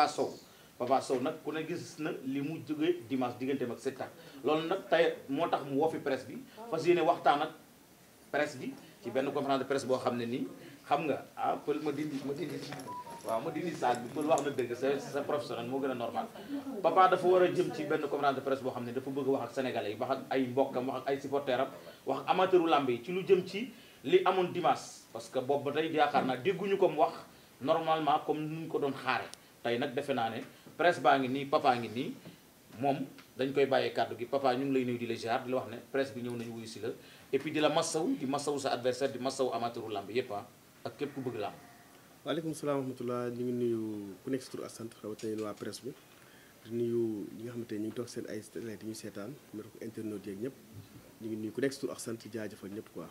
Papa Sow Papa Sow nag ku ne gis na li mu jóge dimanche digganteem ak Siteu loolu nag tey moo tax mu woo fi presse bi fas yéene waxtaan ak presse bi ci benn conférence de presse boo xam ne nii xam nga ah pël ma dindi ma ma dindi saag bi pël wax na dëgg sa sa professionnel moo gën a normal Papa dafa war a jëm ci benn conférence de presse boo xam ne dafa bëgg wax ak sénégalais yi wax ak ay mbokkam wax ak ay supporteram wax amateuru làmb yi ci lu jëm ci li amoon dimanche parce que boobu ba tey yaakaar naa dégguñu ko mu wax normalement comme nuñ ko doon xaare tey nag defe naa ne presse baa ngi nii papa ngi nii moom dañ koy bàyyee kàddu gi papa ñu ngi lay nuyu di la jaar di la wax ne presse bi ñëw nañu wuyu si la et puis di la massaw di massaw sa adversaire di massaw amateuru làmb yépp ah, ak képp ku bëgg làmb waaleykum salaam wa rahmatullah ñu ngi nuyu ku nekk si tur ak sant rawatina waa presse bi di nuyu ñi nga xamante ne ñu ngi toog seen ay télé di ñu seetaan mel ko internet yeeg ñëpp ñu ngi nuyu ku nekk si tur ak sant jaajëfal ñëpp quoi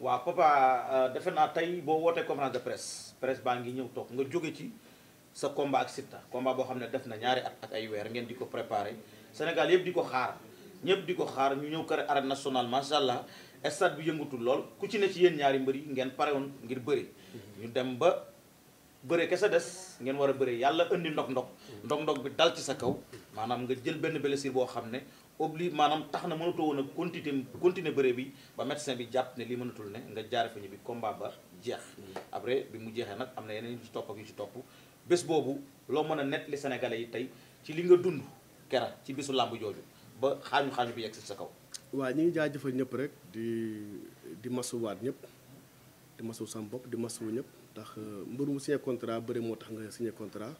waaw papa euh, defe naa tey boo wootee conférence de presse presse baa ngi ñëw toog nga jóge ci sa combat ak Siteu combat boo xam ne def na ñaari at ak ay weer ngeen di ko préparé Sénégal yëpp di ko xaar ñëpp di ko xaar ñu ñëw kër arène nationale macha allah stade bi yëngutul lool ku ci ne ci yéen ñaari mbër yi ngeen pare woon ngir bëri. ñu dem ba bëre kese des ngeen war a bëri yàlla indi ndog-ndog. Mm-hmm. ndog-ndog bi dal ci sa kaw maanaam nga jël benn blessure boo xam ne. obli maanaam tax na mënatoo woon a continuer continuer bëre bi ba médecin bi jàpp ne lii mënatul ne nga jaare fa ñu bi combat ba jeex après bi mu jeexee nag am na yeneen yu ci topp ak yu ci topp bés boobu loo mën a net li sénégalais yi tey ci li nga dund kera ci bésu làmb jooju ba xaañu xaañu bi yegg si sa kaw waa ñu ngi jaajëfal ñëpp rek di di masuwaat ñëpp di masuw sama bopp di masuwu ñëpp ndax euh, mbër mu signé contrat bëri moo tax nga signé contrat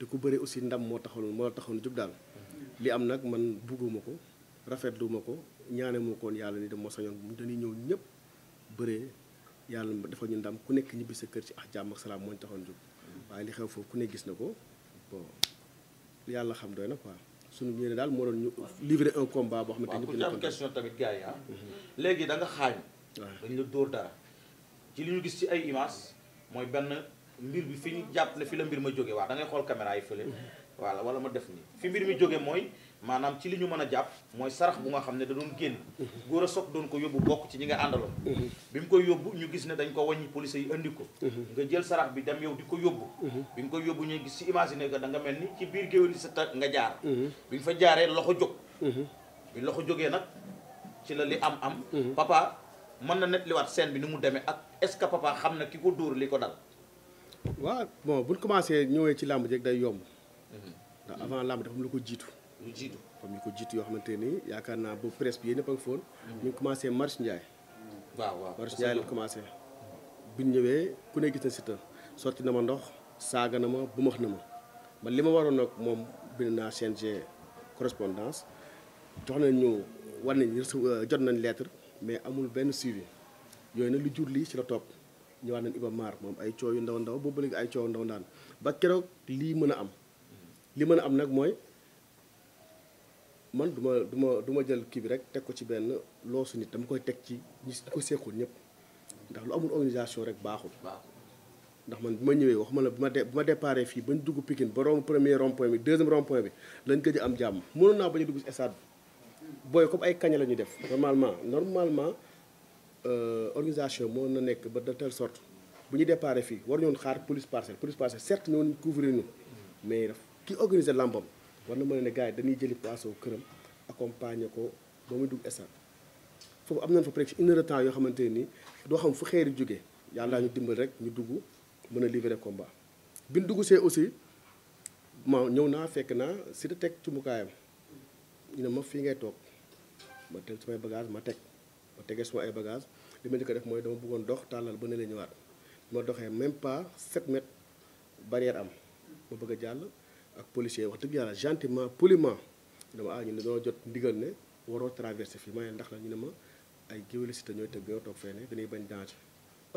di ku bëri aussi ndam moo taxoon moo taxoon jub daal li am nag man bugguma ko rafetlu ma ko ñaane ma koon yàlla ni dama sañoon dañuy ñëw ñëpp bëree yàlla dafa ñu ndam ku nekk ñibbi sa kër ci ak ah jàmm ak salaam moo ñu taxoon jóg waaye li xew foofu ku ne gis na ko yàlla xam doy na quoi suñu ñeneen daal moo doon ñu livrer un combat boo xamante ni. waaw ku ci question tamit gars yi ah. mhm. léegi da nga xaañ. waaw la dóor dara ci li ñu gis ci ay image mooy benn mbir bi fi ñu jàpp ne fi la mbir ma jóge waa da xool caméra yi voilà wala ma def nii fi mbir mi jógee mooy maanaam ci li ñu mën a jàpp mooy sarax bu nga xam ne da doon génn góor a soog doon ko yóbbu bokk ci ñi nga àndaloon bi mu koy yóbbu ñu gis ne dañ ko wàññi police yi andi ko nga jël sarax bi dem yow di ko yóbbu bi nga koy yóbbu ñu gis si imaginer que da nga mel ni ci biir géwél yi sa tag nga jaar bi nga fa jaaree loxo jóg bi loxo jógee nag ci la li am am papa mën na nettaliwaat seen bi ni mu demee ak est-ce que papa xam na ki ko dóor li ko dal waaw bon buñ commencé ñëwee ci làmb jeeg day yomb Mm-hmm. ndax avant làmb dafa am lu ko jiitu lu jiitu comme ko jiitu yoo xamante ni yaakaar naa boobu presse bi yéen ñëpp a ngi foon mm-hmm. ñu ngi commencé marche Ndiaye mm-hmm. waaw waaw marche Ndiaye lañ commencé ñëwee ku ne gis na Siteu sotti na ma ndox saaga na ma bu na ma ma li ma waroon nag moom bind naa CNG correspondance jox nañ ñu war nañ euh, jot nañ lettre mais amul benn suivi yooyu nag lu jur lii ci la topp ñëwaat nañ Iba Mar moom ay coow yu ndaw ndaw boobu léegi ay coow ndaw ndaan ba keroog lii mën a am li man am nag mooy man du ma du ma du jël kii bi rek teg ko ci benn loosu nit dama koy teg ci ñi ko sequl ñëpp ndax lu amul organisation rek baaxul. ndax man bi ma ñëwee wax ma la bi ma de ma déparé fii bañ dugg Pikine ba romb premier rond bi deuxième rompoint bi lañ gëj am jàmm mënoon naa ba a dugg si stade bi booy comme ay kaña la ñuy def normalement normalement euh, organisation moo na nekk ba de telle sorte bu ñu déparé fii war ñoon xaar police parcelle police parcelle certes ñooñu couvrir ñu mais. ki organiser làmbam war na mën ne gars yi dañuy jëli poisson këram accompagner ko ba muy dugg stade foofu am nañ fa presque une temps yoo xamante nii doo xam fu xeeri jóge yàlla ñu dimbal rek ñu dugg mën a livrer combat bi dugg see aussi ma ñëw naa fekk naa si da teg ci ñu ne ma fii ngay toog ma teg samay bagage ma teg ma tegee suma ay bagage li ma di ko def mooy dama buggoon dox tàllal ba ne la ñëwaat ma doxee même pas 7 mètres barrière jàll ak policier wax dëgg yàlla gentiment poliment ñu ne ah, ñu ne doo jot ndigal ne waroo traversé fii ma ndax la ñu ne ma ay géwél si te ñooy tëgg yoo toog fee ne dañuy bañ danger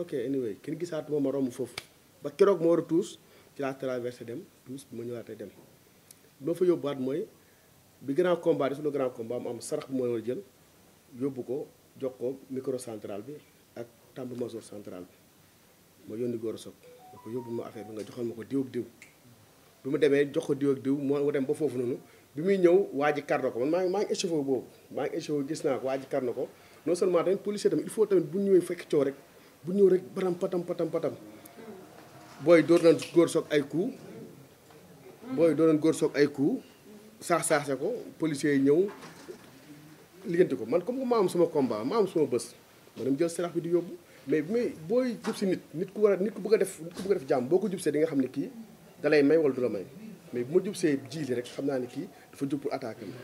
ok anyway kenn gisaat moom ma romb foofu ba keroog ma war a tuus ci laa traversé dem tuus bi ma ñëwaatee dem loo fa yóbbuwaat mooy bi grand combat di suñu grand combat am sarax bu ma war yóbbu ko jox micro central bi ak tambour major central bi ma yónni góor a soog ko yóbbu ma affaire bi nga joxal ma ko diw ak diw bi mu demee jox ko diw ak diw moo dem ba foofu noonu bi muy ñëw waa ji kar na ko man maa maa ngi échauffé boobu maa ngi échauffé gis naa ko waa ji kar na ko non seulement tamit policier tamit il faut tamit bu ñëwee fekk coow rek bu ñëw rek patam patam patam patam booy doo góor soog ay coup booy doo doon góor soog ay coup saax saaxe ko policier yi ñëw liggante ko man comme que maa am sama combat maa am sama bés ma dem jël sarax bi di yóbbu mais bi may booy jub si nit nit ku war a nit ku bëgg a def nit ku bëgg a def jàmm boo ko jub see nga xam ne kii da may wala du la may mais bu ma jub see jiili rek xam naa ne kii dafa jub pour attaquer ma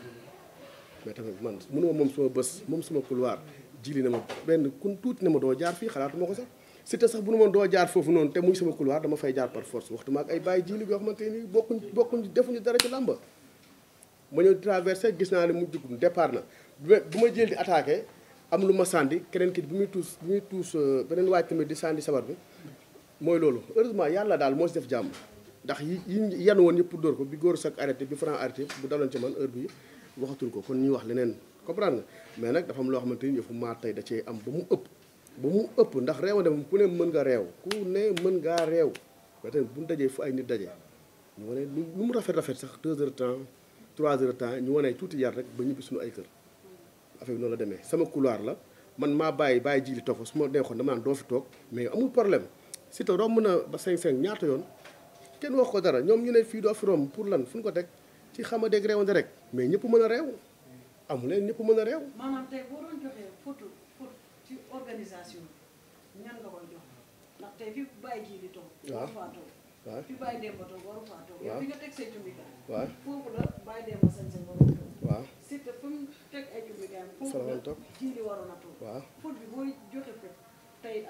mais tamit man mënuma moom suma bés moom suma couloir jiili na ma benn kun tuuti na ma doo jaar fii xalaatuma ko sax Siteu sax bu nu moon doo jaar foofu noonu te muy suma couloir dama fay jaar par force waxtu ma ak ay bàyyi jiili yoo xamante ni bokkuñ bokkuñ defuñu dara ci làmba ma ñëw traversé gis naa ne mu jugum départ na bu ma jël di attaqué am lu ma sànni keneen ki bi muy tuus bi euh, beneen waaj tamit di sànni sabar bi mooy loolu heureusement yàlla daal moo si def ndax yi yi yan woon yëpp pour ko bi góor sax arrêté bi franc arrêté bu daloon ci man heure bi waxatul ko kon ñuy wax leneen comprendre nga mais nag dafa am loo xamante ni yëfu maa tey da cee am ba mu ëpp ba mu ëpp ndax réew dem ku ne mën nga réew ku ne mën ngaa réew ba tey bu dajee fu ay nit dajee ñu wane lu mu rafet rafet sax deux heures temps trois heures temps ñu wane tuuti yar rek ba ñibbi suñu ay kër affaire bi noonu la demee sama couloir la man maa bàyyi bàyyi ji li toog fa su ma neexoon dama naan doo fi toog mais amul problème si te mën a ba cinq cinq ñaata yoon kenn wax ko dara ñoom ñu ne fii doo fi pour lan fu ñu ko teg ci xama dégg réewante rek mais ñëpp mën a réew amu leen ñëpp mën a réew. maanaam tey boo doon joxee ci organisation ñan nga koy jox ndax tey fi bàyyi ji di toog. waaw faa toog. waaw fi bàyyi dem ba toog waru faa toog. waaw bi booy joxe ko tey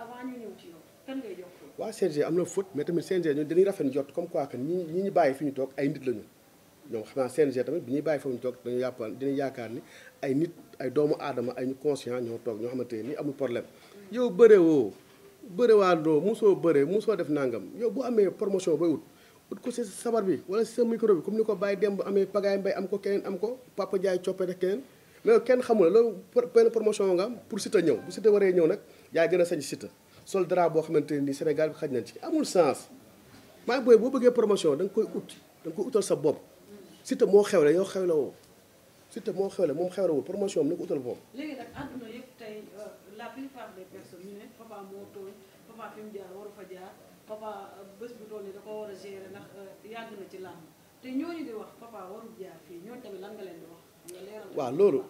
waaw CNG am na faute mais tamit CNG ñun dañuy rafet jot comme quoi que ñi ñi ñu bàyyi fi ñu toog ay nit lañu ñoom xam naa CNG tamit bi ñuy bàyyi fi ñu toog dañu yàpp dinañ yaakaar ni ay nit ay doomu aadama ay ñu conscient ñoo toog ñoo xamante ni amul problème mm. yow bëre woo bëre waa doo musoo bëre musoo def nangam yow bu amee promotion bay ut ut ko si sabar bi wala si sa micro bi comme ni ko bàyyi démb amee pagaay mbay am ko keneen am ko papa jaay coppe rek keneen mais kenn xamul loolu benn promotion nga am pour Siteu ñëw bu Siteu waree ñëw nag yaa gën a sañ Siteu sol drap boo xamante ne nii Sénégal xaj nañ ci amul sens maa booy boo bëggee promotion da nga koy ut da nga koy utal sa bopp Siteu moo xewle yow xewle woo Siteu moo xewle moom xewle woo promotion am na euh, euh, ko utal bopp. war a gérer ndax euh, yàgg na ci làmb te ñooñu di wax papa waru jaar fii ñooñu loolu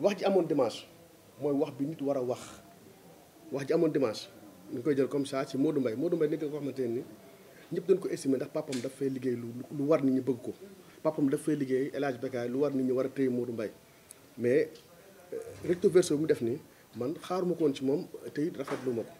wax ji amoon dimanche mooy wax bi nit war a wax. wax ji amoon dimanche ñu koy jël comme ça ci Modou Mbaye Modou Mbaye nekk ko xamante ne ni dañ ko estimé ndax papam daf fay liggéey lu war nit ñu bëgg ko papam daf fay liggéey El Hadj Bécaye lu war nit ñi war a téye Modou Mbaye mais euh, recto verso bi mu def ni man xaaruma koon ci moom te it rafetlu ma ko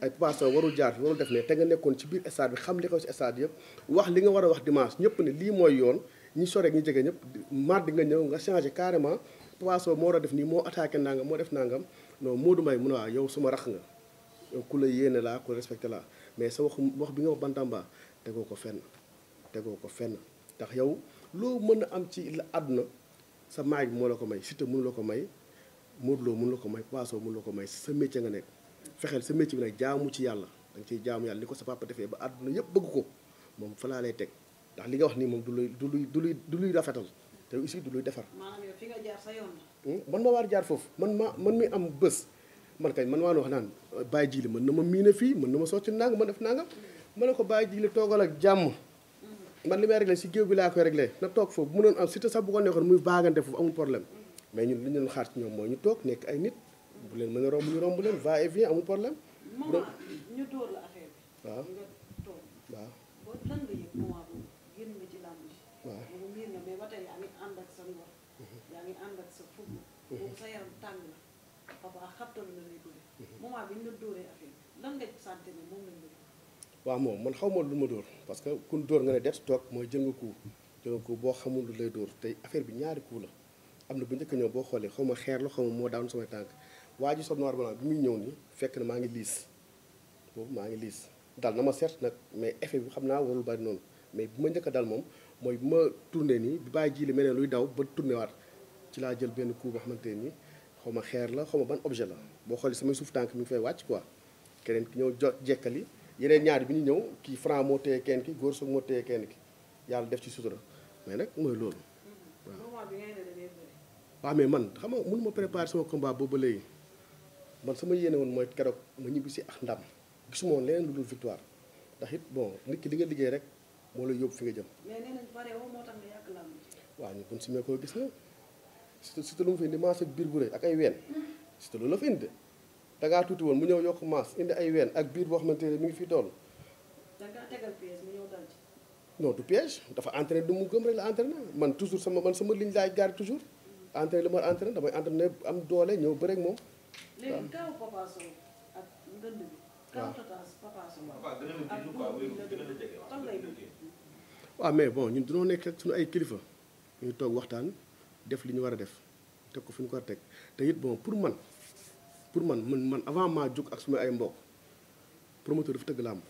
ay Papa Sow warul jaar fi def ne te nga nekkoon ci biir stade xam li xew ci stade li nga war a wax dimanche ñëpp ne lii mooy yoon ñi sore ak jege ñëpp mardi nga ñëw nga changé carrément Papa Sow moo war a def nii moo attaqué nangam moo def nangam non Modou Mbaye mu ne a yow suma rax nga yow ku la yéene laa ku respecté laa mais sa wax wax bi nga wax Bantamba tegoo ko fenn tegoo ko fenn ndax yow loo mën a am ci la àdduna sa maaj moo la ko may Siteu mënu la ko may Modou Lo mënu la ko may Papa Sow mënu la ko may sa métier nga nekk fexeel sa métier bi nag jaamu ci yàlla da nga ciy jaamu yàlla ni ko sa papa defee ba àdduna yëpp bëgg ko moom fa laa lay teg ndax li nga wax nii moom du luy du luy du luy du luy rafetal te aussi du luy defar fi nga sa man ma hmm? waar jaar foofu man ma man mi am bës man kay man maa wax naan bàyyi ji li mën na ma miine fii mën na ma sotti nangam ma def nangam ma ne ko bàyyi ji li toogal ak jàmm hmm. man li may réglé si géew bi laa koy réglé na toog foofu mu mënoon am surtout sax bu ko neexoon muy baagante foofu amul problème hmm. mais ñun li ñu doon xaar ci ñoom mooy ñu toog nekk ay nit bu leen mën a romb ñu romb leen va et vient amul problème. ñu door waaw. boobu sa moom waaw moom man xaw ma lu ma dóor parce que kun dóor nga ne def toog mooy jël nga ko jël boo xamul lu lay dóor tey affaire bi ñaari coup la am na bu njëkk ñëw boo xoolee xaw ma xeer lu xaw moo daanu samay tànk waa ji sol noir blanc bi muy ñëw ni fekk na maa ngi liis boobu maa ngi liis dal na ma seet nag mais effet bi xam naa lu bari noonu mais bi ma njëkk a dal moom mooy bi ma tourné nii bi bàyyi ji li mel ne luy daw ba tourné waat ci laa jël benn coup boo xamante ne nii xaw ma xeer la xaw ma ban objet la boo xoolee samay suuf tànk mi ngi fay wàcc ko keneen ki ñëw jot jekkali yeneen ñaari bi ñu ñëw kii franc moo téye kenn ki góor soog moo téye kenn ki yàlla def ci sutura mais nag mooy loolu waaw. waaw mais man xam nga mënu ma préparer sama combat boobu ba léegi man sama yéene woon mooy keroog ma ñibbi si ak ndam gisuma woon leneen lu dul victoire ndax it bon nit ki li nga liggéey rek moo la yóbbu fi nga jëm. mais ñu buñ simee Siteu Siteu lu mu fi indi maas ak biir bu rëy ak ay ween Siteu loolu la fi indi da tuuti woon mu ñëw yokk maas indi ay ween ak biir boo xamante ne mu ngi fi toll. da ngaa tegal piège mu ñëw dal dafa entraîné du mu gëm rek la entraîné man toujours sama man sama ligne laay toujours. entraîné li ma entraîné damay entraîné am doole ñëw bëre ak moom. léegi waaw mais bon ñun dañoo nekk ak suñu ay kilifa ñu toog waxtaan. def li ñu war a def teg ko fi ñu ko war teg te it bon pour man pour man man man avant maa jóg ak suma ay mbokk promoteur dafa tëgg làmb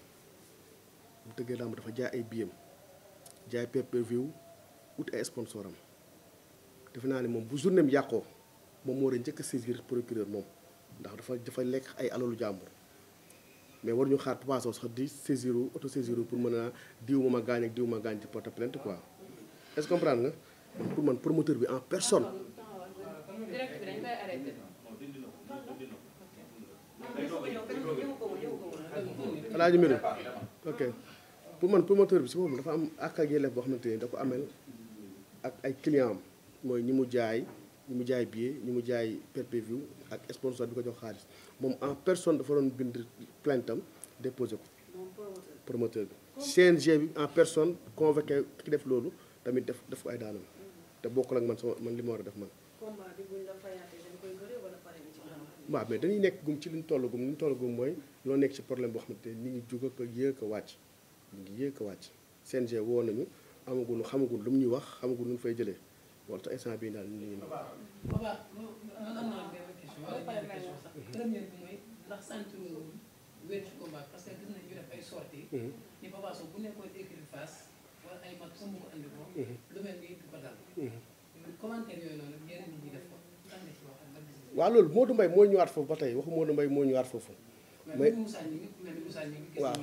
bu tëggee làmb dafa jaay ay billets jaay PPV ut ay sponsor am defe naa ne moom bu journée mi yàqoo moom moo war a njëkk a saisir procureur moom ndax dafa dafa lekk ay alalu jàmbur mais war ñu xaar Papa Sow sax di saisir auto saisir pour mën a diw ma ma gaañ ak diw ma gaañ ci porte plainte quoi est-ce comprendre nga. pour man promoteur bi en personne. alaaji mbiru ok pour man promoteur bi si boppam dafa am àq ak yelleef boo xamante ne da ko ameel ak ay client mooy ñi mu jaay ñi mu jaay billet ñi mu jaay PPV ak sponsor bi ko jox xaalis moom en personne dafa doon bind plainte am déposé ko promoteur bi CNG bi en personne convoqué ki def loolu tamit def def ko ay daanam te bokk ak man sama man li ma war a def man. combat bi dañuy nekk gum ci li ñu toll gum li ñu gum mooy loo nekk ci problème boo xamante ni ñu jóg ak yéeg a wàcc ñu ngi yéeg a wàcc CNG woo nañu amagul xamagul lu mu ñuy wax xamagul lu mu fay jëlee wala tax instant bii daal ñu ngi. ndax sant wér ci combat parce que gis nañu def ay sorties. Mhm. ay mag sa du ko dal. commentaire yooyu moo ñëwaat foofu ba tey waxu Modou Mbaye moo ñëwaat foofu. mais waaw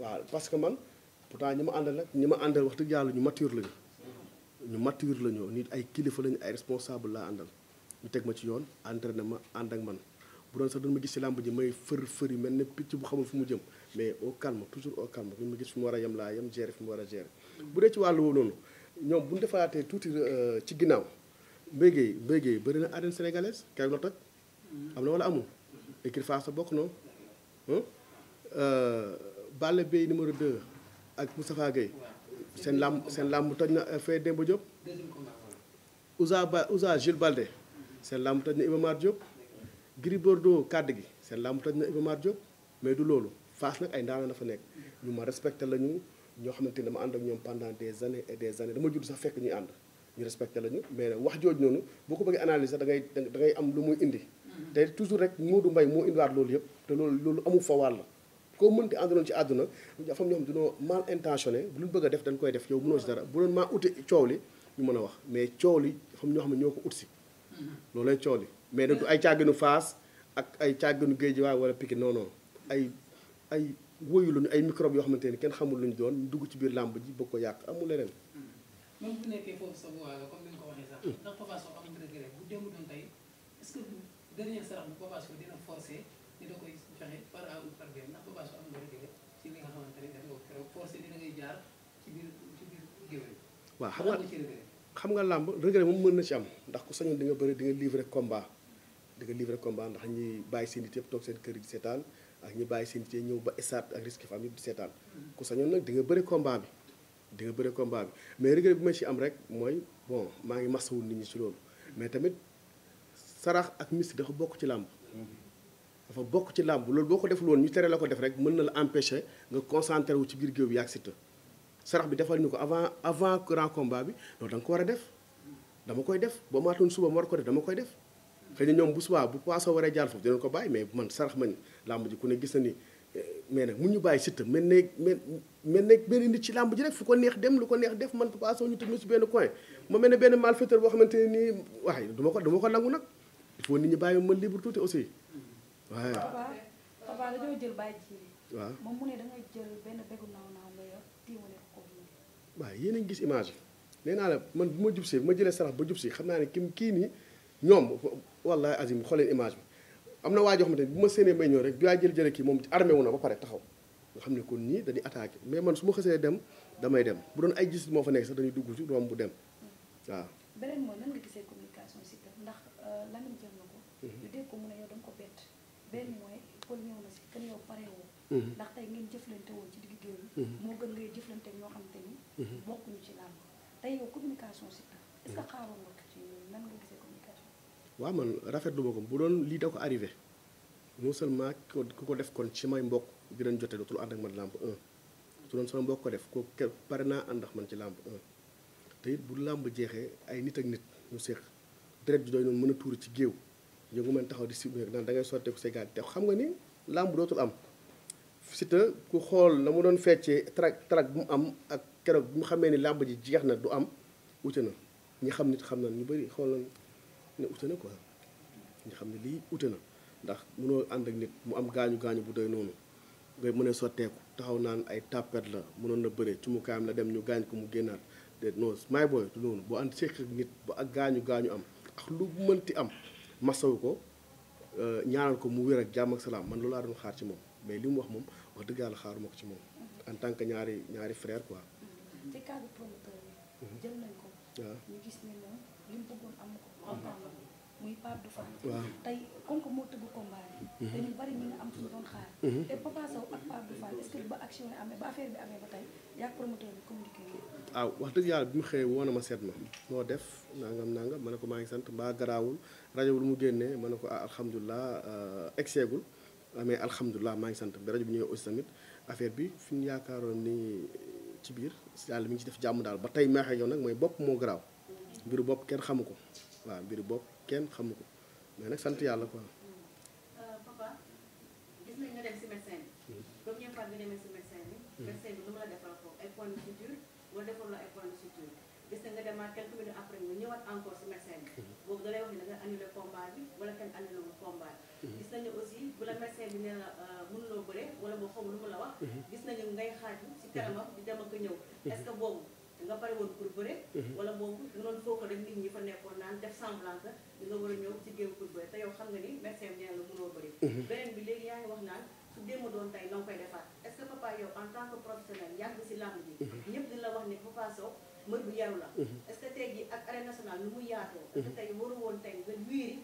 waaw parce que man pourtant ñi ma àndal nag ñi ma àndal wax dëgg yàlla ñu mature lañu. ñu mature lañu nit ay kilifa lañu ay responsable laa àndal ñu teg ma ci yoon na ma ànd man bu doon sax dañu ma gis ci làmb ji may fër fër yi mel ne picc bu xamul fu mu jëm mais au calme toujours au calme ñu ma gis fi mu war a yem laa yem gérer fi mu war a gérer bu dee ci wàllu woowu ñoom bu ñu defaatee tuuti euh, ci ginnaaw mbéygéey mbéygéey bëri na arène sénégalaise kay na toj am na wala amul écurie Fass sa bokk noonu euh, Balla Beye numéro 2 ak Moustapha Gueye seen làmb seen làmb toj na fee Demba Diop Ousa ba Ousa Jules Balde seen làmb toj na Iba Mar Diop kàdd gi seen làmb toj na Iba Mar Diop mais du loolu Fass nag ay ndaana fa nekk ñu ma respecté lañu ñoo xamante ne dama ànd ak ñoom pendant des années et des années dama judd sax fekk ñuy ànd ñu respecté la ñu mais wax jooju noonu boo ko bëggee analyser da ngay da am lu muy indi. Mm-hmm. te toujours rek Modou mbay moo indiwaat loolu yëpp te loolu loolu amul fa wàll. koo mënti àndaloon ci àdduna dafa am ñoo xam dañoo mal intentionné bu luñ def dañ koy def yow mënoo si dara bu doon maa uti coow li ñu mën a wax mais coow li dafa am ñoo xam ne ñoo ko ut si. Mm-hmm. loolu lay coow li mais du ay càgginu Fass ak ay càgginu Géejawaay wala Pikine non non ay ay. wóyu lu ay microbe yoo xamante ne kenn xamul lu ñu doon ñu dugg ci biir làmb ji bëgg ko yàq amul leneen. Hmm. moom bu nekkee foofu sa voie la comme nga ko waxee sax. Hmm. ndax xam nga xam nga làmb regret moom mën na ci am ndax ku sañoon di bëri di nga livré combat di nga ndax ñuy bàyyi seen i yëpp toog seen kër gi seetaan ak ñu bàyyi seen cee ñëw ba stade ak risque fam yëpp di seetaan ku sañoon nag di nga bëri bi di nga bëri combat bi mais regret bi ma ci am rek mooy bon maa ngi masawul nit ñi ci loolu mais tamit sarax ak misti dafa bokk ci làmb dafa bokk ci làmb loolu boo ko deful woon ñu tere la ko def rek mën na la empêcher nga concentré wu ci biir bi yaag Siteu sarax bi defal ñu ko avant avant grand bi loolu da ko war a def dama koy def boo maatoon suba ma war ko dama koy def xëy na ñoom bu subaa bu paasoo waree jaar foofu dinañ ko bàyyi mais man sarax man làmb ji ku ne gis na ni eh, mais nag mu ñu bàyyi Siteu mel ne mel ne benn ci làmb ji rek fu ko neex dem lu ko neex def man Papa Sow ñu si benn coin ma mel ne benn malfaiteur boo xamante ne nii waaye du ma ko du ma ko nangu nag il faut nit ñi bàyyi ma libre tuuti aussi waaye. papa papa dañoo jël bàyyi ji. waaw moom gis image yi naa la man bu ma jub ma jëlee sarax ba jub si xam naa ne kim kii nii ñoom. wallahi azim xooleen image bi am na waa joo xamante ne bu ma séenee may ñëw rek bi waa jël jële kii moom ci armé na ba pare taxaw nga xam ne ko nii dañuy attaqué mais man su ma xasee dem damay dem bu doon ay gis moo fa nekk sax dañuy dugg ci romb bu dem hmm. waaw. beneen mooy nan nga si tam euh, ko. ñu hmm. dégg ko mu ne yow da ko bett benn mooy kon ñëw na si kan yow pare woo. Hmm. ndax tey ngeen jëflante woon ci digg géew moo gën ngay jëflante ñoo xam te ni. bokkuñu ci làmb tey yow communication si tam. est que xaaroon nga ko waaw man rafetlu ma ko bu doon lii da ko arrivé non seulement ku ko def kon ci may mbokk dinañ jote dootul ànd ak man làmb 1 su mbokk ko def ko pare naa ànd ak man ci làmb 1 te it bu làmb ay nit ak nit ñu séq deret doy noonu mën a tuuri ci géew yëngu mën taxaw di si naan da ngay sottee ko segaat te xam nga ni làmb dootul am Siteu ku xool na mu doon feccee track track bu mu am ak keroog bu mu xamee ni làmb ji jeex na du am wute na ñi xam nit xam na ñu bëri xool nañ ne ute na quoi nga xam ne lii ute na ndax mënoo ànd ak nit mu am gaañu gaañu bu doy noonu ngay mën sotteeku taxaw naan ay tàppet la mënoon na bëre ci mu kaayam la dem ñu gaañ ko mu génnaat déet non may booy du noonu boo ànd seq ak nit ba ak gaañu gaañu am ak lu mënti am masawu ko euh, ñaanal ko mu wér ak jàmm ak salaam man loolu laa doon xaar ci moom mais li mu wax moom wax dëgg yàlla xaaruma ko ci moom en tant que ñaari ñaari frère mhm. ko. waaw muy waaw wax dëgg yàlla bi mu xëyee woon na ma set ma moo def nangam nangam ma ne ko maa ngi sant mbaa garaawul rajo bi lu mu génnee ma ne ko ah alhamdulilah euh, egseegul ah, mais alhamdulilah maa ngi sant bi rajo bi ñëwee aussi tamit affaire bi fi ñu yaakaaroon ni ci biir yàlla mi ngi ci def jàmm daal ba tey maaxee yow nag mooy bopp moo garaaw mbiru bopp kenn xamu ko. waaw mbiri bopp kenn xamu ko mais nag sant yàlla quoi. Euh, papa gis nañ nga dem si médecin bi. Hmm. comme ñëpp nga demee si médecin bi. Hmm. médecin bi de suture wala defal la nga demaat quelques minutes après ñëwaat encore si médecin bi. Hmm. boobu da lay wax ne da nga annulé combat bi wala kenn annulé wu gis nañu aussi bu la médecin bi nee la euh, mënuloo bëre wala boo xamul lu mu la wax. gis nañu ngay xaaju si kanamam di dem ak ñëw. est boobu. nga pare pour bëre. Mhm. wala boobu nga doon foo nit ñi fa nekkoon naan def semblant que nga war a ñëw ci géew pour bëre te yow xam nga ni médecin bi la mënoo mhm. wax naan su démb doon tey mhm. bu yaru la. est ak arène nationale lu mu yaatoo. est waru woon tey nga wiiri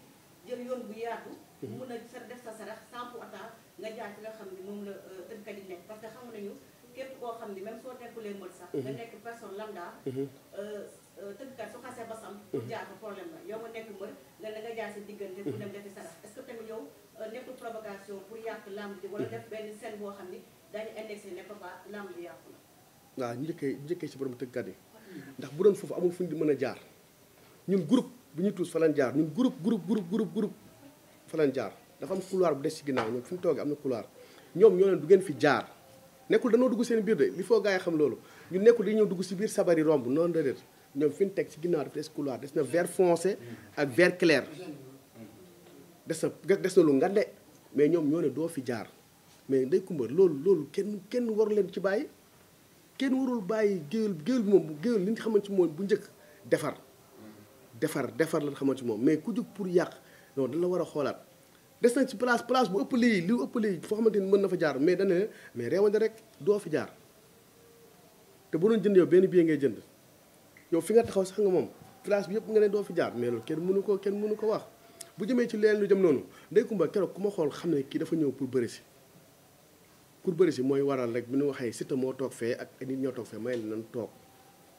jël yoon bu yaatu. mun a sa def sa sarax sans pour nga jaar ci nga xam ni moom la. xam ni même soo nekkulee mbër sax. Mhm. nga nekk personne lambda. Mhm. Euh, euh, tëggkat su xasee ba sam. pour mhm. jaar problème la yow nga nekk mbër nga ne nga jaar sa diggante. pour euh, nekkul def benn scène na. waaw njëkkee njëkkee yi ndax bu doon foofu amul fu ñu mën a jaar ñun groupe bu ñuy tuus fa jaar ñun groupe groupe groupe groupe jaar dafa am couloir bu des ci ginnaaw ñoom fi ñu toogee am na couloir ñoom ñoo leen du ngeen fi jaar nekkul danoo dugg seen biir de il faut gars yi xam loolu ñu nekkul dañoo dugg si biir sabari yi romb noonu la déet ñoom fi ñu teg ci ginnaaw dafa des couloir des na vert foncé ak vert clair des na des na lu ngande mais ñoom ñoo ne doo fi jaar mais Ndeye Coumba loolu loolu kenn kenn waru leen ci bàyyi kenn warul bàyyi géwél géwél bi moom géwél li nga xamante moom bu njëkk defar defar defar la nga xamante moom mais ku jóg pour yàq non dañ la war a xoolaat des nañ ci place place bu ëpp lii li ëpp lii foo xamante ni mën na fa jaar mais dañ ne mais réewante rek doo fi jaar te bu doon jënd yow benn billet ngay jënd yow fi nga taxaw sax nga moom place bi yëpp nga ne doo fi jaar mais kenn mënu ko kenn mënu ko wax bu jëmee ci leen lu jëm noonu ndey kumba keroog ku ma xool xam ne kii dafa ñëw pour bëri si pour bëri si mooy waral rek bi nu waxee Siteu moo toog fee ak nit ñoo toog fee may la nan toog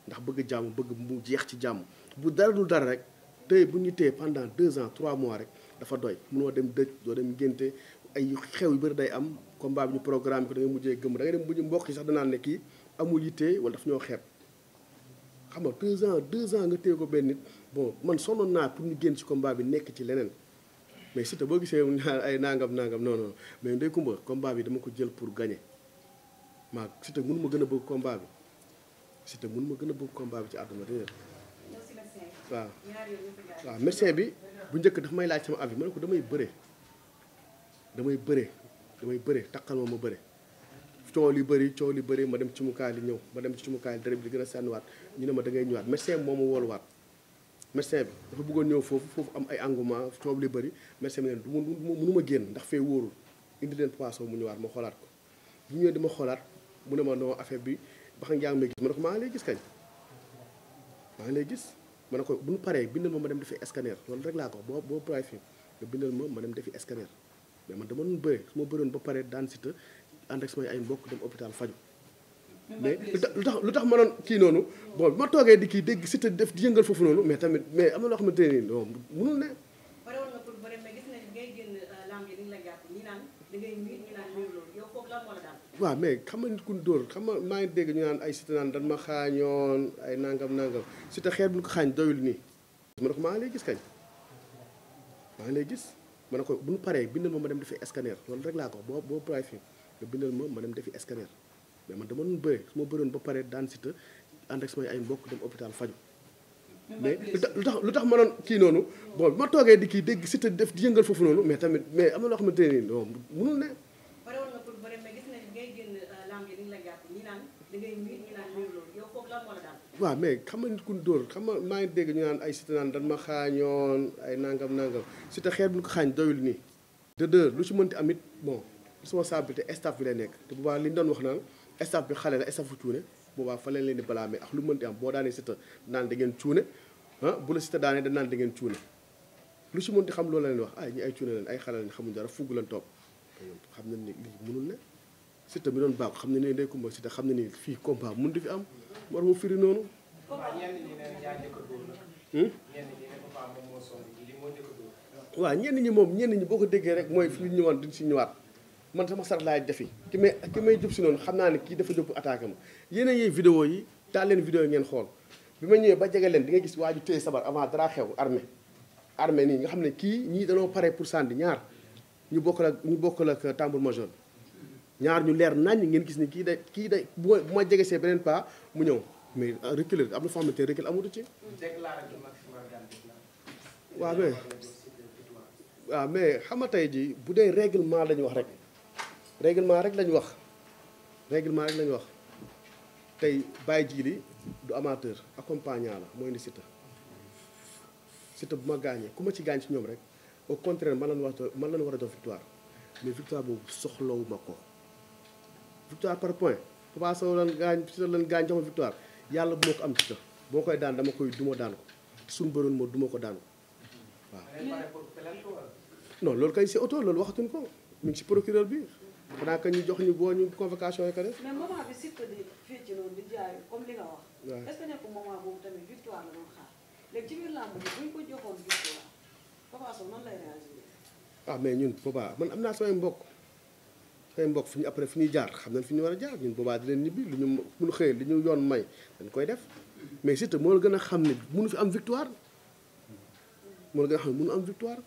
ndax bëgg jàmm bëgg mu jeex ci jàmm bu dara dul dara rek tey bu ñu téye pendant deux ans trois mois rek dafa doy mënoo dem dëj doo dem ngénte ay xew yu bari day am combat bi ñu programme ko da ngay mujjee gëm da dem bu ñu mbokk yi sax danaan ne kii amul yitte wala daf ñoo xeeb xam nga deux ans deux ans nga téye ko benn nit bon man sonnoon naa pour ñu génn ci combat bi nekk ci leneen mais surtout boo gisee ay nangam nangam non non mais day Comba combat bi dama ko jël pour gagner maa surtout mënu ma gën a bëgg combat bi surtout mënu ma gën a bëgg combat bi ci àdduna déedéet waaw waaw bi bu njëkk daf may laaj sama avis ma ne ko damay bëre damay bëre damay bëre takkal ma ma bëre coow li bëri coow li bëri ma dem ci mukaay li ñëw ma dem ci mukaay li dërëb a sànniwaat ñu ne ma da ngay ñëwaat médecin moom moo ma wooluwaat médecin bi dafa bëggoon ñëw foofu foofu am ay engouement coow li bëri médecin bi ne du génn ndax fee wóorul indi leen poisson mu ñëwaat ma xoolaat ko bu ñëwee dama xoolaat mu ne ma non affaire bi ba xam nga may gis ma ko maa ngi lay gis kañ maa ngi lay gis ma ne ko bu ñu paree bindal ma ma dem defi scanner loolu rek laa ko boo boo paree fii nga bindal ma ma dem defi scanner mais man dama doon bëre su ma bëroon ba pare daan Siteu ànd ak samay ay bokk dem hôpital faju mais lu tax lu tax ma doon kii noonu bon bi ma toogee di kii dégg Siteu def di yëngal foofu noonu mais tamit mais am na loo xam ne nii non mënul ne. waaw mais xam nga nit ku dóor xam nga maa ngi dégg ñu naan ay Siteu naan dan ma xaañoon ay nangam nangam Siteu xeer bu ñu ko xaañ doyul nii. ma ne maa ngi lay gis kañ maa ngi lay gis ma ne ko bu paree bindal ma ma dem defi scanner rek laa ko boo boo paree fii nga bindal ma ma dem defi scanner mais man dama doon bëre su ma bëroon ba paree daan Siteu ànd ak samay ay mbokk dem hôpital faju mais lu tax lu tax ma doon kii noonu bon bi ma toogee di kii dégg Siteu def di yëngal foofu noonu mais tamit mais am na loo xamante ne nii non ne. waaw mais xam na nit ku dóor xam nga maa ngi dégg ñu naan ay Siteu naan dan ma xaañoon ay nangam nangam Siteu xeer bi ñu ko xaañ doyul nii. de deux lu ci mënti am it bon responsabilité staff bi lay nekk te bu baax li doon wax naan staff bi xale la staff bu cuune boobaa fa lañ leen di balaamee ak lu mënti am boo daanee Siteu naan da ngeen cuune ah bu la Siteu daanee da naan da ngeen cuune lu ci mënti xam loolu la leen wax ay ñi ay cuune leen ay xale lañ xamuñ dara fugg lañ toog xam nañ ne lii Siteu mi doon baax xam ne ne day combat Siteu xam ne ni fii combat mun di fi am war mu firi noonu. Hmm? waaw ñenn ñi moom ñenn ñi boo ko déggee rek mooy fi ñu ñëwaat duñ si ñëwaat man sama sar laay defi ki may ki may jub si noonu xam naa ne kii dafa jub attaque ma yéen a yee vidéo yi taal leen vidéo yi ngeen xool bi ma ñëwee ba jege leen di nga gis waa ju téye sabar avant dara xew arme armée nii nga xam ne kii ñii danoo pare pour sànni ñaar ñu bokkal ak ñu bokkal ak euh, tambour major bi ñaar ñu leer naññ ngeen gis ni kii day kii day bu ma jege see beneen pas mu ñëw mais euh, reculer am na foo xamante ne recul amatu ci. waa mais waaw mais xam nga tey jii bu dee réglement la wax rek règlement rek la wax règlement rek la ñu wax tey bàyyi jii li du amateur accompagnant la mooy ni Siteu Siteu bu ma gaañee ku ma ci gaañ ci ñoom rek au contraire man la ñu wax man la war a jox victoire mais victoire boobu soxlawuma ko. victoire par point Papa Sow lan gaañ Siteu lan gaañ jox victoire yàlla bu ma ko am Siteu boo koy daan dama koy duma daan ko suñu bëroon moo duma ko daan ko waaw. non loolu kay si auto loolu waxatuñ ko mu si procureur bi xanaa que ñu jox ñu boo ñu convocation ka def. Ah, mais ñun Papa man am naa samay mbokk. seen mbokk fi ñu après fi ñuy jaar xam nañ fi ñu war a jaar ñun boobaa di leen ñibbi lu ñu munu xëyee li ñu yoon may dañ koy def mais surtout moo la gën a xam ne munu fi am victoire moo la a xam ne munu am victoire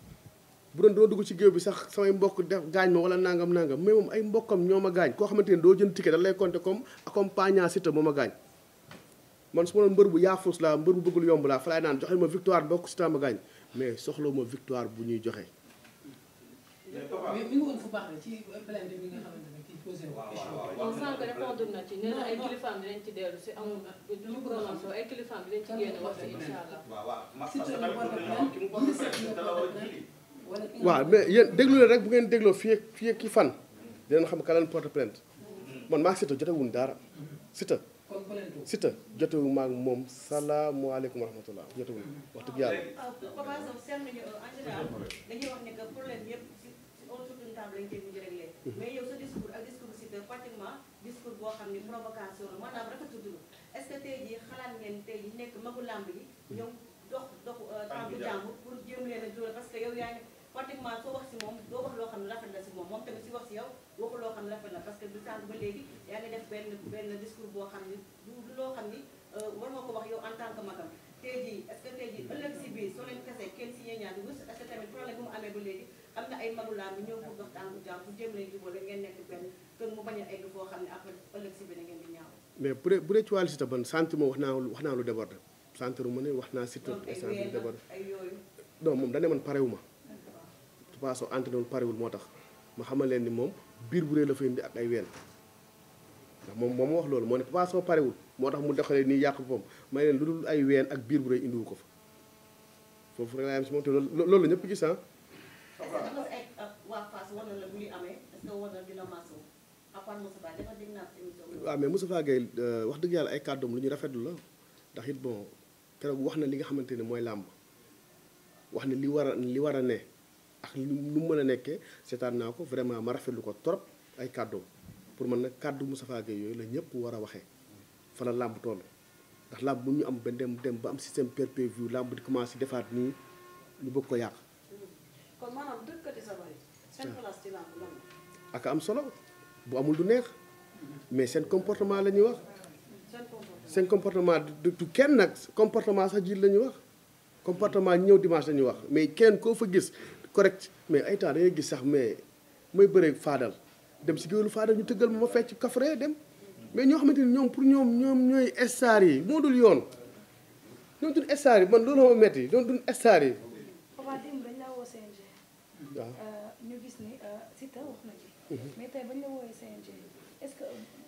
bu doon doo dugg ci géew bi sax samay mbokk def gaañ ma wala nangam nangam mais moom ay mbokkam ñoo ma gaañ koo xamante ne doo jënd ticket da lay compter comme accompagnant surtout moo ma gaañ man su ma doon mbër bu yaafus laa mbër bu bëggul yomb laa fa naan joxe ma victoire mbokk surtout ma gaañ mais soxla ma victoire bu ñuy joxe mais mi ngi waaw mais yéen déglu rek bu ngeen dégloo fii ak fii ak ki fan. dinañ xam ka leen porte plainte mm-hmm. man maa ngi Siteu jotewuñ dara mm-hmm. Siteu. Siteu jotewu maag moom salaamaaleykum wa rahmatulah jotewu wax dëgg yàlla. septembre lañ koy mujj réglé mhm. mais yow sa discours ak discours si de pratiquement discours boo xam ni provocation la maanaam rafetul dund est ce a dugal parce que yow yaa ngi pratiquement ba léegi am pour bu jéem leen si bi na mais bu dee bu dee ci wàllu Siteu man sant ma wax naa wax naa lu déborde sant ma ne wax naa Siteu sant lu déborde non moom dañ ne parewu ma Papa Sow parewul moo tax ma xamal leen ni moom biir bu rëy la indi ak ay ween ndax moom moom wax loolu moo ne Papa parewul moo tax mu doxalee nii yàq boppam may leen lu dul ay ween ak biir bu rëy indiwu ko fa foofu rek laa yam si moom te loolu loolu ñëpp gis ah est euh, waa Fass war na amee est euh, wax dëgg yàlla ay kàddoom lu ñu rafetlu la ndax it bon keroog wax na li nga xamante ne mooy làmb wax ne li war a li war a ne ak lu mu mën a nekkee seetaan naa ko vraiment ma rafetlu ko trop ay kàddoom pour man nag kàddu Moussa Gueye yooyu la ñëpp war a waxee fa la làmb toll. ndax làmb bu ñu am ba dem dem ba am système perpévu làmb di commencé defaat nii ñu bëgg ko yàq. kon sa ah. ak am solo bu amul du neex mais seen comportement la ñuy wax seen comportement du kenn nag comportement sax jiit la ñuy wax comportement ñëw dimanche la ñuy wax mais kenn koo fa gis correct mais ay temps dangay gis sax mais mooy bëre faadal dem si géwélu faadal ñu tëggal ma fecc kafre dem mais ñoo xamante ni ñoom pour ñoom ñoom ñooy star yi moo dul yoon ñoom dun star yi man loolu ma metti ñoom dun star yi Euh, ñu gis ni euh, mhm. wooyee CNG est-ce que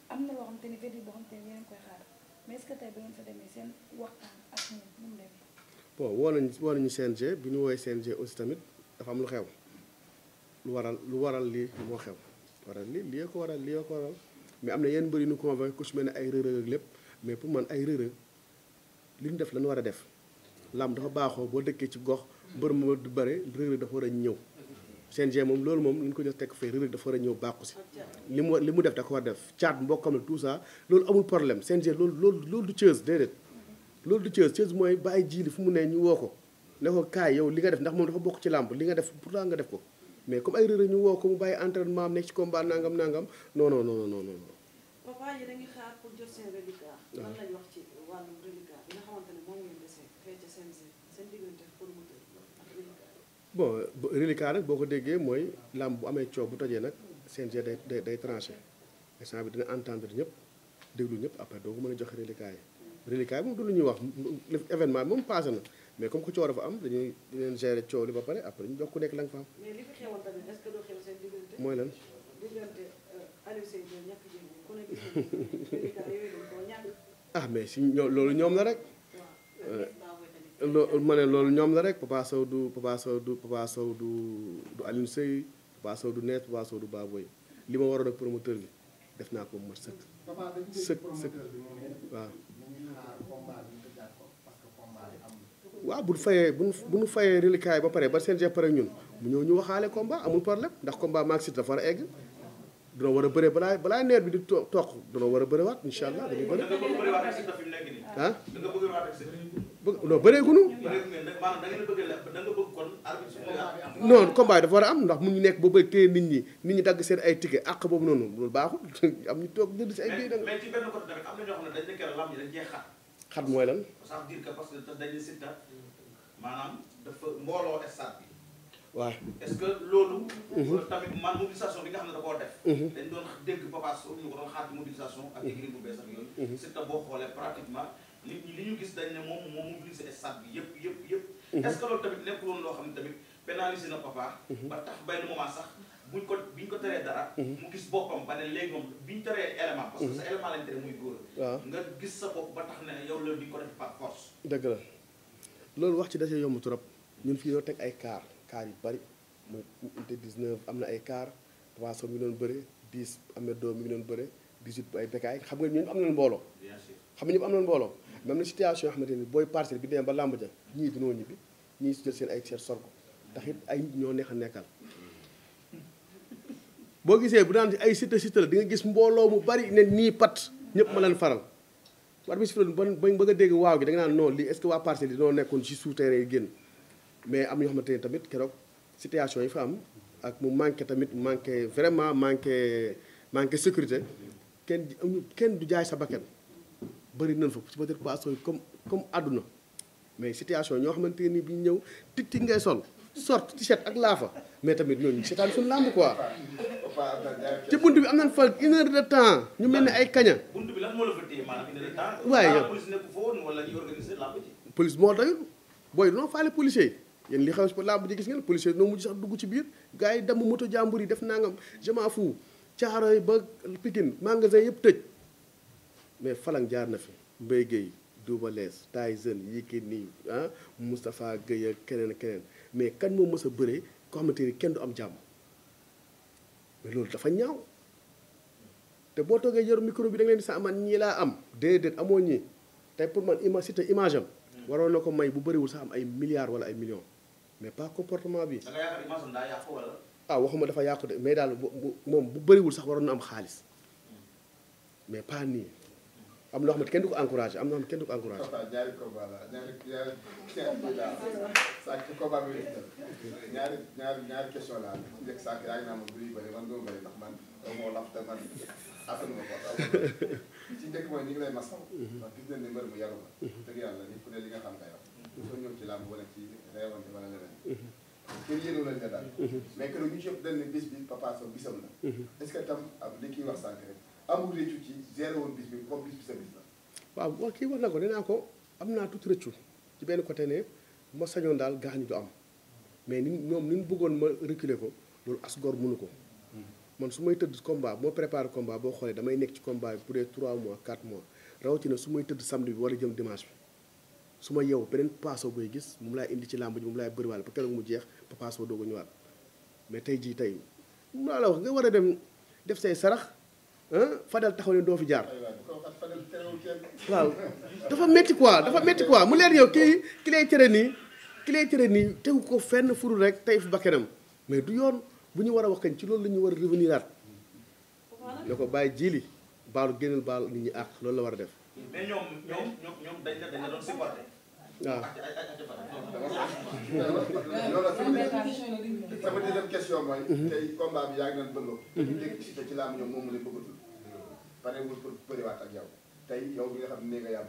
am na loo xamante ni verdict boo xamante ni yéen koy xaar mais est-ce que tey ba ngeen demee seen waxtaan ak moom nu mu demee. bon woo nañu CNG bi ñu wooyee CNG aussi tamit dafa am lu xew lu waral lu waral lii moo xew waral li lii ko waral lii ko waral mais am na yenn bëri nu ñu ku ci mel ni ay rërëg ak lépp mais pour man ay rërëg li ñu def lañu war a def lam dafa baaxoo boo dëkkee ci gox mbër moo du bëre rërëg dafa war a ñëw. CNG moom loolu moom li ñu ko jox tekk fay Reug Reug dafa war a ñëw bàqu si li mu li mu def da ko war def caat mbokkam la tout ça loolu amul problème CNG loolu loolu loolu du Thiès déedéet loolu du Thiès Thiès mooy bàyyi jiili fu mu nee ñu woo ko ne ko kaay yow li nga def ndax moom dafa bokk ci làmb li nga def pourtant nga def ko mais comme ay Reug Reug ñu woo ko mu bàyyi entraînement am nekk ci combat nangam nangam non non non non bon reliquat nag boo ko déggee mooy làmb bu amee coow bu tojee nag CNG day day day tranché instant bi dina entendre ñëpp déglu ñëpp après doo ko mën a joxe reliquat yi. reliquat yi moom du lu ñuy wax événement bi moom passé na mais comme que coow dafa am dañuy leen gérer coow li ba pare après ñu jox ku nekk la fa am. li fi xewoon tamit est-ce que doo xew seen diggante. mooy lan euh, ah mais si ñoom loolu ñoom la rek. ma ne loolu ñoom la rek Papa Sow du Papa Sow du Papa Sow du du Alioune du Net li ma war a ak promoteur bi def naa ko mu mat sëkk. sëkk sëkk bu ñu fayee bu ñu fayee reliquats ba pare ba CNG pare ñun mu ñëw ñu waxaale komba amul problème ndax combat maag si dafa war a egg dina war a bëre balaa balaa neer bi di toq dina war a bëriwaat incha allah dañuy bëri. ah. bëgg non bëreegunu. non combat yi dafa war a am ndax mu ñu nekk ba bëgg téye nit ñi nit ñi dagg seen ay ticket àq boobu noonu loolu baaxul am ñu toog jënd si ay. biir mais xam ne dañ ne keroog lam yi dañ cee xat. xat mooy lan. mbooloo stade bi. waaw est-ce que loolu. Mhm. Euh, tamit man mobilisation bi xam ne da koo def. Mhm. dañ doon mhm. boo xoolee pratiquement. nit li ñu gis dañ ne moom moom mobilisé stade bi yëpp yëpp yëpp tamit nekkul woon loo xam ne tamit pénalisé na papa mhm. ba tax benn moment sax buñ ko biñ ko teree dara mhm. mu gis boppam ba ne léegi moom biñ teree élément parce que mhm. sa élément lañ tere muy góor nga gis sa bopp ba tax ne yow loolu di ko def par dëgg la loolu wax ci dafay yomb trop ñun fii yoo teg ay car car yu bari mooy unité 19 am na ay car trois cent mi ngi doon bëre 10 am na 2 mi ngi doon bëre 18 ay békaay xam nga ñun am nañ mbooloo xam am nañ mbooloo mais am na situation yoo xamante ni booy parcelle bi ma ba làmb ja ñii dinoo ñibbi ñii si jël seen ay seet sor ko tax it ay ñoo neex a nekkal boo gisee bu daan ay site site la nga gis mbooloo mu bari ne nii pat ñëpp ma leen faral war bi si filoon ba dégg waaw gi da naan non lii est ce que waa parcelle yi noo nekkoon ci souterrain yi génn mais am ñoo xamante ne tamit keroog situation yi fa am ak mu manqué tamit manqué vraiment manqué manqué sécurité kenn kenn du jaay sa bakkan bari nañ fa peut-être poissons yi comme comme àdduna mais situation ñoo xamante ni bi ñëw tit ngay sol sort t-shirt ak laafa mais tamit ñooñu seetaan suñu làmb quoi. ci bi am nañ fa une heure ñu mel ni ay kaña. la fa téye maanaam une waaye police moo doyul booy non faale policier yi. li xew si làmb ji gis ngeen policier noo mujj sax dugg ci biir gars yi damm moto jàmbur yi def naa nga m'en fous caaroy ba Pikine magasin yëpp tëj. mais Falang jaar na fi Mbaye Guèye Double Less Tyson Yékini ah Moustapha Guèye ak keneen keneen mais kan moo mës a bëree ko xamante ni kenn du am jàmm mais loolu dafa ñaaw te boo toogee yor micro bi da nga leen di sa aman ñii laa am déedéet amoo ñi te pour man ima cité image am waroon na ko may bu bëriwul sax am ay milliards wala ay millions mais pas comportement bi ah waxuma dafa yàqu de mais daal moom bu bëriwul sax waroon na am xaalis mais pas nii am loo xam ne kenn du ko encouragé am na xam ne kenn du ko encouragé. ñaari combat la ñaari ñaari ñaari la sànq combat bi ñaari ñaari ñaari question la njëkk sànq yaa ngi naan bu ñuy bëri man doo bëri ndax man doo moo laf te man njëkk mooy ñu ngi lay masaw mhm. ndax gis nañ ne mbër mu yaru la mhm. dëgg yàlla nit ku ne li nga xam nga yow mhm. soo ñëw ci làmb wala ci réewante wala leneen kër yéenu lañ la daal mais que ñu ci yëpp dañ ne bis bi papa sow bisam la est ce que tam li kiy wax sànq rek amul réccu ci gérer waaw wax kii wax na ko nee naa ko am naa tuuti rëccu ci benn côté ne ma sañoon daal gaañu du am mais ni moom ni ñu bëggoon ma reculer ko loolu as gor mënu ko. man su may tëdd combat moo préparé combat boo xoolee damay nekk ci combat bi pour les 3 mois 4 mois rawatina su may tëdd samedi bi a jëm dimanche bi su ma yeewu beneen paaso booy gis moom laay indi ci làmb ji moom laay bëriwaale ba keroog mu jeex ba paaso doog a ñëwaat mais tey tey naa la wax nga war a dem def say sarax. Fadel taxaw ne doo fi jaar waaw dafa métti quoi dafa métti quoi mu leer yow kii ki lay tere nii ki lay tere nii tegu ko fenn furu rek tey fi bakkanam mais du yoon bu ñu war a wax kañ ci loolu la war a revenir aat ne ko bàyyi jiili baalu génneel baalu nit ñi àq loolu la war a def waaw. sama deuxième question mooy. tey combat bi yàgg la bëggatul. parewul pour bëriwaat ak yow yow bi nga xam ne a bëriwaat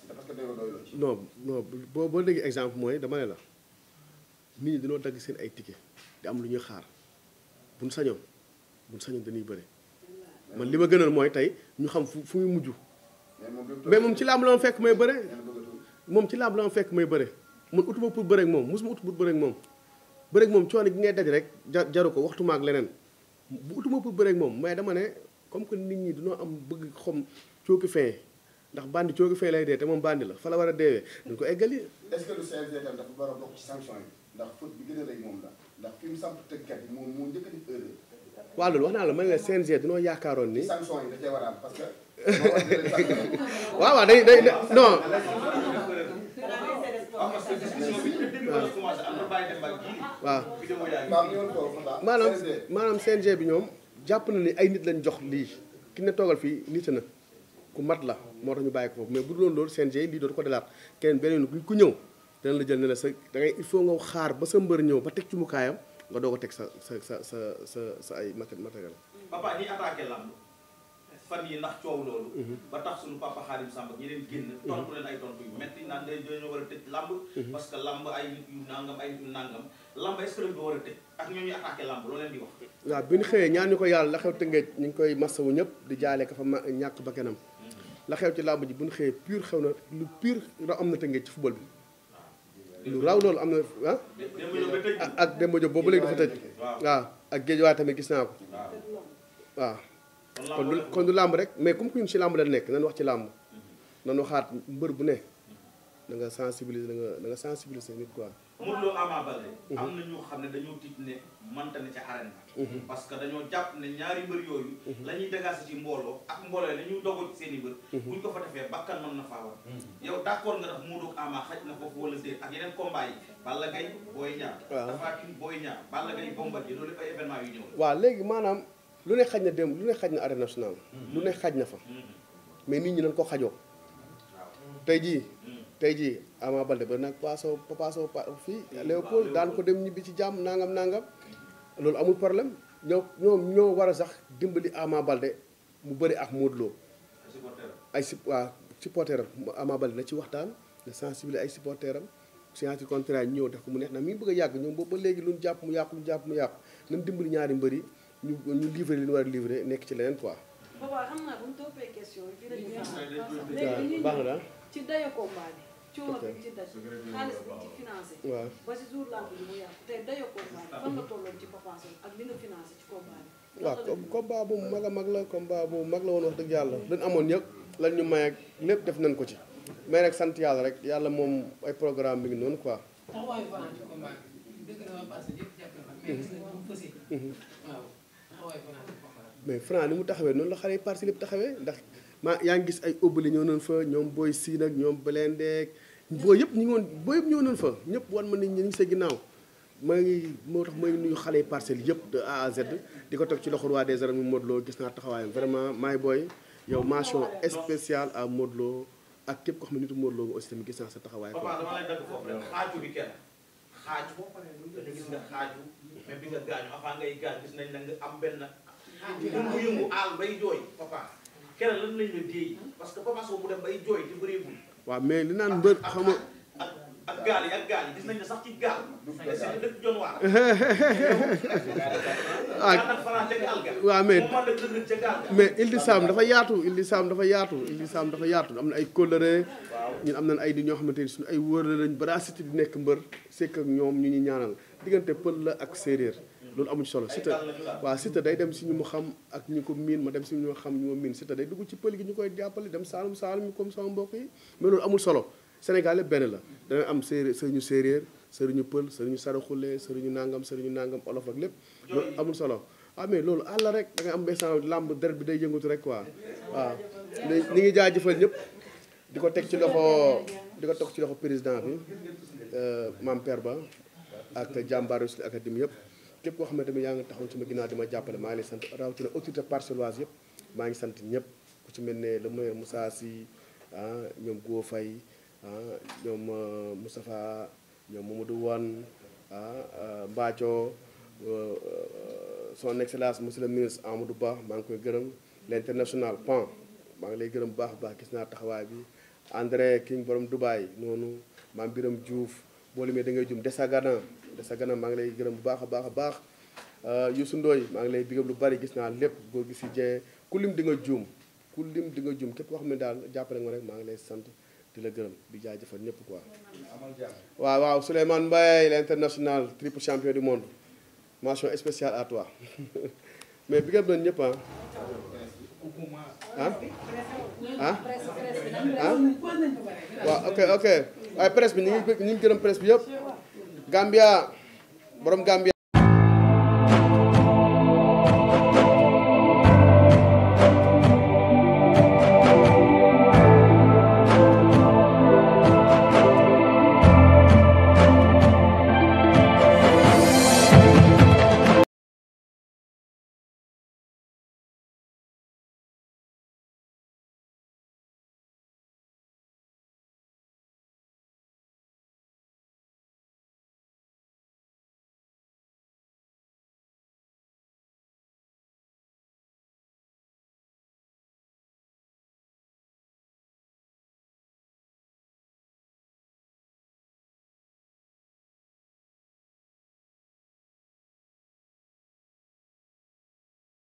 si parce que dañoo doyloo ci. non boo déggee exemple mooy dama ne la nit ñi dañoo dagg seen ay ticket di am lu ñuy xaar buñ sañoon buñ sañoon dañuy bëri man li ma gënal mooy tey ñu xam fu fu muy mujj. mais moom ci laa am loon fekk may bëre. moom ci laab la am fekk may bëre man utuma pour bëre ak moom mosuma ut pour bëre ak moom bëre ak moom coono gi ngay daj rek jaru ko waxtu ma ak leneen bu utuma pour bëre ak moom mais dama ne comme que nit ñi dañoo am bëgg xom cooki fin ndax bandi cooki fin lay dee te moom bandi la fa la war a deewee dañ ko eggali. est-ce que lu a bokk ci sanction yi naa la man la CNG dañoo yaakaaroon ni. sanction yi da cee war a am parce day day non. waaw maanaam maanaam CNG bi ñoom jàpp na ni ay nit lañ jox lii ki ne toogal fii nit na ku mat la moo tax ñu bàyyi ko mais bu dul loolu CNG lii dootu ko delaat keneen beneen ku ñëw dana la jël ne la sa da ngay il faut nga xaar ba sa mbër ñëw ba teg ci mu kaayam nga doog a teg sa sa sa sa sa sa ay matériel. fan yi ndax coow loolu mhm. ba tax suñu papa xaalim sàmb ak yeneen génn mhm. tontu leen ay tontu yu metti naan day dañoo war a tëj làmb mhm. parce que làmb ay nit yu nangam ay nit yu nangam làmb est-ce que dañ ko war a tëj ak ñoo ñuy attaqué làmb loolu leen di wax waaw bi ñu xëyee ñaan ñu ko yàlla la xew tëngeej ñu ngi koy massawu ñëpp di jaale ka fa ñàkk ba kanam la xew ci làmb ji bu ñu xëyee pur xew na lu pur am na tëngeej ci football bi lu raw loolu am na ah ak Demba Diop boobu léegi dafa tëj waaw ak géej waay tamit gis naa ko waaw kon du kon làmb rek mais comme que ñun ci làmb la nekk nan wax ci làmb nan waxaat mbër bu ne da nga sensibiliser da da nga sensibiliser nit quoi. Modou Lo Ama Baldé mhm. am na ñoo xam ne dañoo tiit ne mënta na ca mhm. parce que dañoo jàpp ne ñaari mbër yooyu mhm. la ñuy dagaasi ci mbooloo ak mbooloo la ñuy dogal ci seen i mbër buñ ko fa defee bakkan mën na faa war yow d'accord nga def Modou ak Ama xaj ay léegi maanaam lu ne xaj na démb lu ne xaj na arène lu ne xaj na fa mais nit ñi dañ ko xajoo tey jii tey jii Ama Baldé ba nag paaso paaso fii Léopold daan ko dem ñibbi ci jàmm nangam nangam loolu amul problème ñoo ñoom ñoo war a sax dimbali Ama Baldé mu bëri ak Modou Lo ay si waa supporteram Ama Baldé na ci waxtaan na sensibiliser ay supporteram signature contrat ñëw def ko mu neex na mu ngi bëgg a yàgg ñoom boobu ba léegi lu ñu jàpp mu yàqu lu jàpp mu yàqu nañ dimbali ñaari mbër yi ñu ñu livré li ñu war a livré nekk ci leneen quoi. boobaa baax na ci dayo ci daj xaalis bi ci financé. waaw bu mag a mag la combat bu mag la woon wax dëgg yàlla dañ amoon yëpp lan ñu may ak lépp def nañ ko ci. mais rek sant yàlla rek yàlla moom ay programme bi ngi noonu ko taxawaayu mais Franc ni mu taxawee noonu la xale yi parcelles yëpp taxawee ndax maa yaa ngi gis ay obali ñëw nañ fa ñoom booy siin ak ñoom belendeek boo yëpp ñu ngi fa ñëpp wan ma nit ñi ñu sa ginnaaw ma ngi moo tax maa nuyu xale yi parcelles yëpp de A à di ko teg ci loxo roi des arènes mu Modou Lo gis naa taxawaayam vraiment maay booy yow mention spéciale à Modou Lo ak képp ko xam ne nitu Modou Lo nga aussi tamit gis naa sa taxawaay. papa mais bi nga gaañu avant ngay gaañ gis nañ la nga am benn yëngu-yëngu aal bay jooy papa keneen lan lañ la déey parce que papa soo mu dem bay jooy di bëreegul waaw mais li naan mbër xam ak gaal yi ak gaal yi gis nañ mais mais di Saam dafa yaatu Ile di Saam dafa yaatu Ile di Saam dafa yaatu am na ay kóllëre. ñun am nañ ay di ñoo xamante ni suñu ay wóor la lañ barasiti di nekk mbër sekk ak ñoom ñu ñu ñaanal diggante pël la ak séeréer. loolu amu ci solo Siteu waa Siteu day dem si ñu mu xam ak ñu ko miin ma dem si ñu ma xam ñu ma miin Siteu day dugg ci pël gi ñu koy jàppale dem saalum saalum comme sama mbokk yi mais loolu amul solo Sénégal yëpp benn la dana am séeréer sëriñu séeréer sëriñu pël sëriñu saraxule sëriñu nangam sëriñu nangam olof ak lépp loolu amul solo ah mais loolu àll rek da nga am instant làmb deret bi day yëngatu rek waa waaw ñi ngi jaajëfal ñëpp di ko teg ci loxo di ko teg ci loxo président bi euh, Mame Père Ba ak jàmbaaru Wrestling Academy yëpp képp koo xam ne tamit yaa ngi taxaw ci ma ginnaaw di ma jàppale maa ngi lay sant rawatina autorité parcelloise maa ngi sant ñëpp ku ci mel ne le maire Moussa Sy ah ñoom Go ah ñoom ah, Moustapha ñoom Mamadou Wan ah Mbathio ah, ah, son excellence monsieur le ministre Amadou Ba maa ngi koy gërëm l'international PAN maa ngi lay gërëm bu baax a baax gis naa taxawaay bi André King borom Dubaay noonu maam Biram Diouf boo limee da ngay jum Desagana Desagana maa ngi lay gërëm bu baax a baax a baax Youssou Ndoye maa ngi lay bigam lu bari gis naa lépp góor gi si Dieng ku di nga juum ku lim di nga juum képp wax xam ne daal jàppale nga rek maa ngi lay sant di la gërëm di jaajëfal ñëpp quoi. waaw waaw Souleymane Mbaye l'international triple champion du monde mention spéciale à mais bi nga doon ñëpp ah. ah ah ah ok ok waaye presse bi ñu ngi ñu ngi gërëm presse bi yëpp Gambia borom Gambia.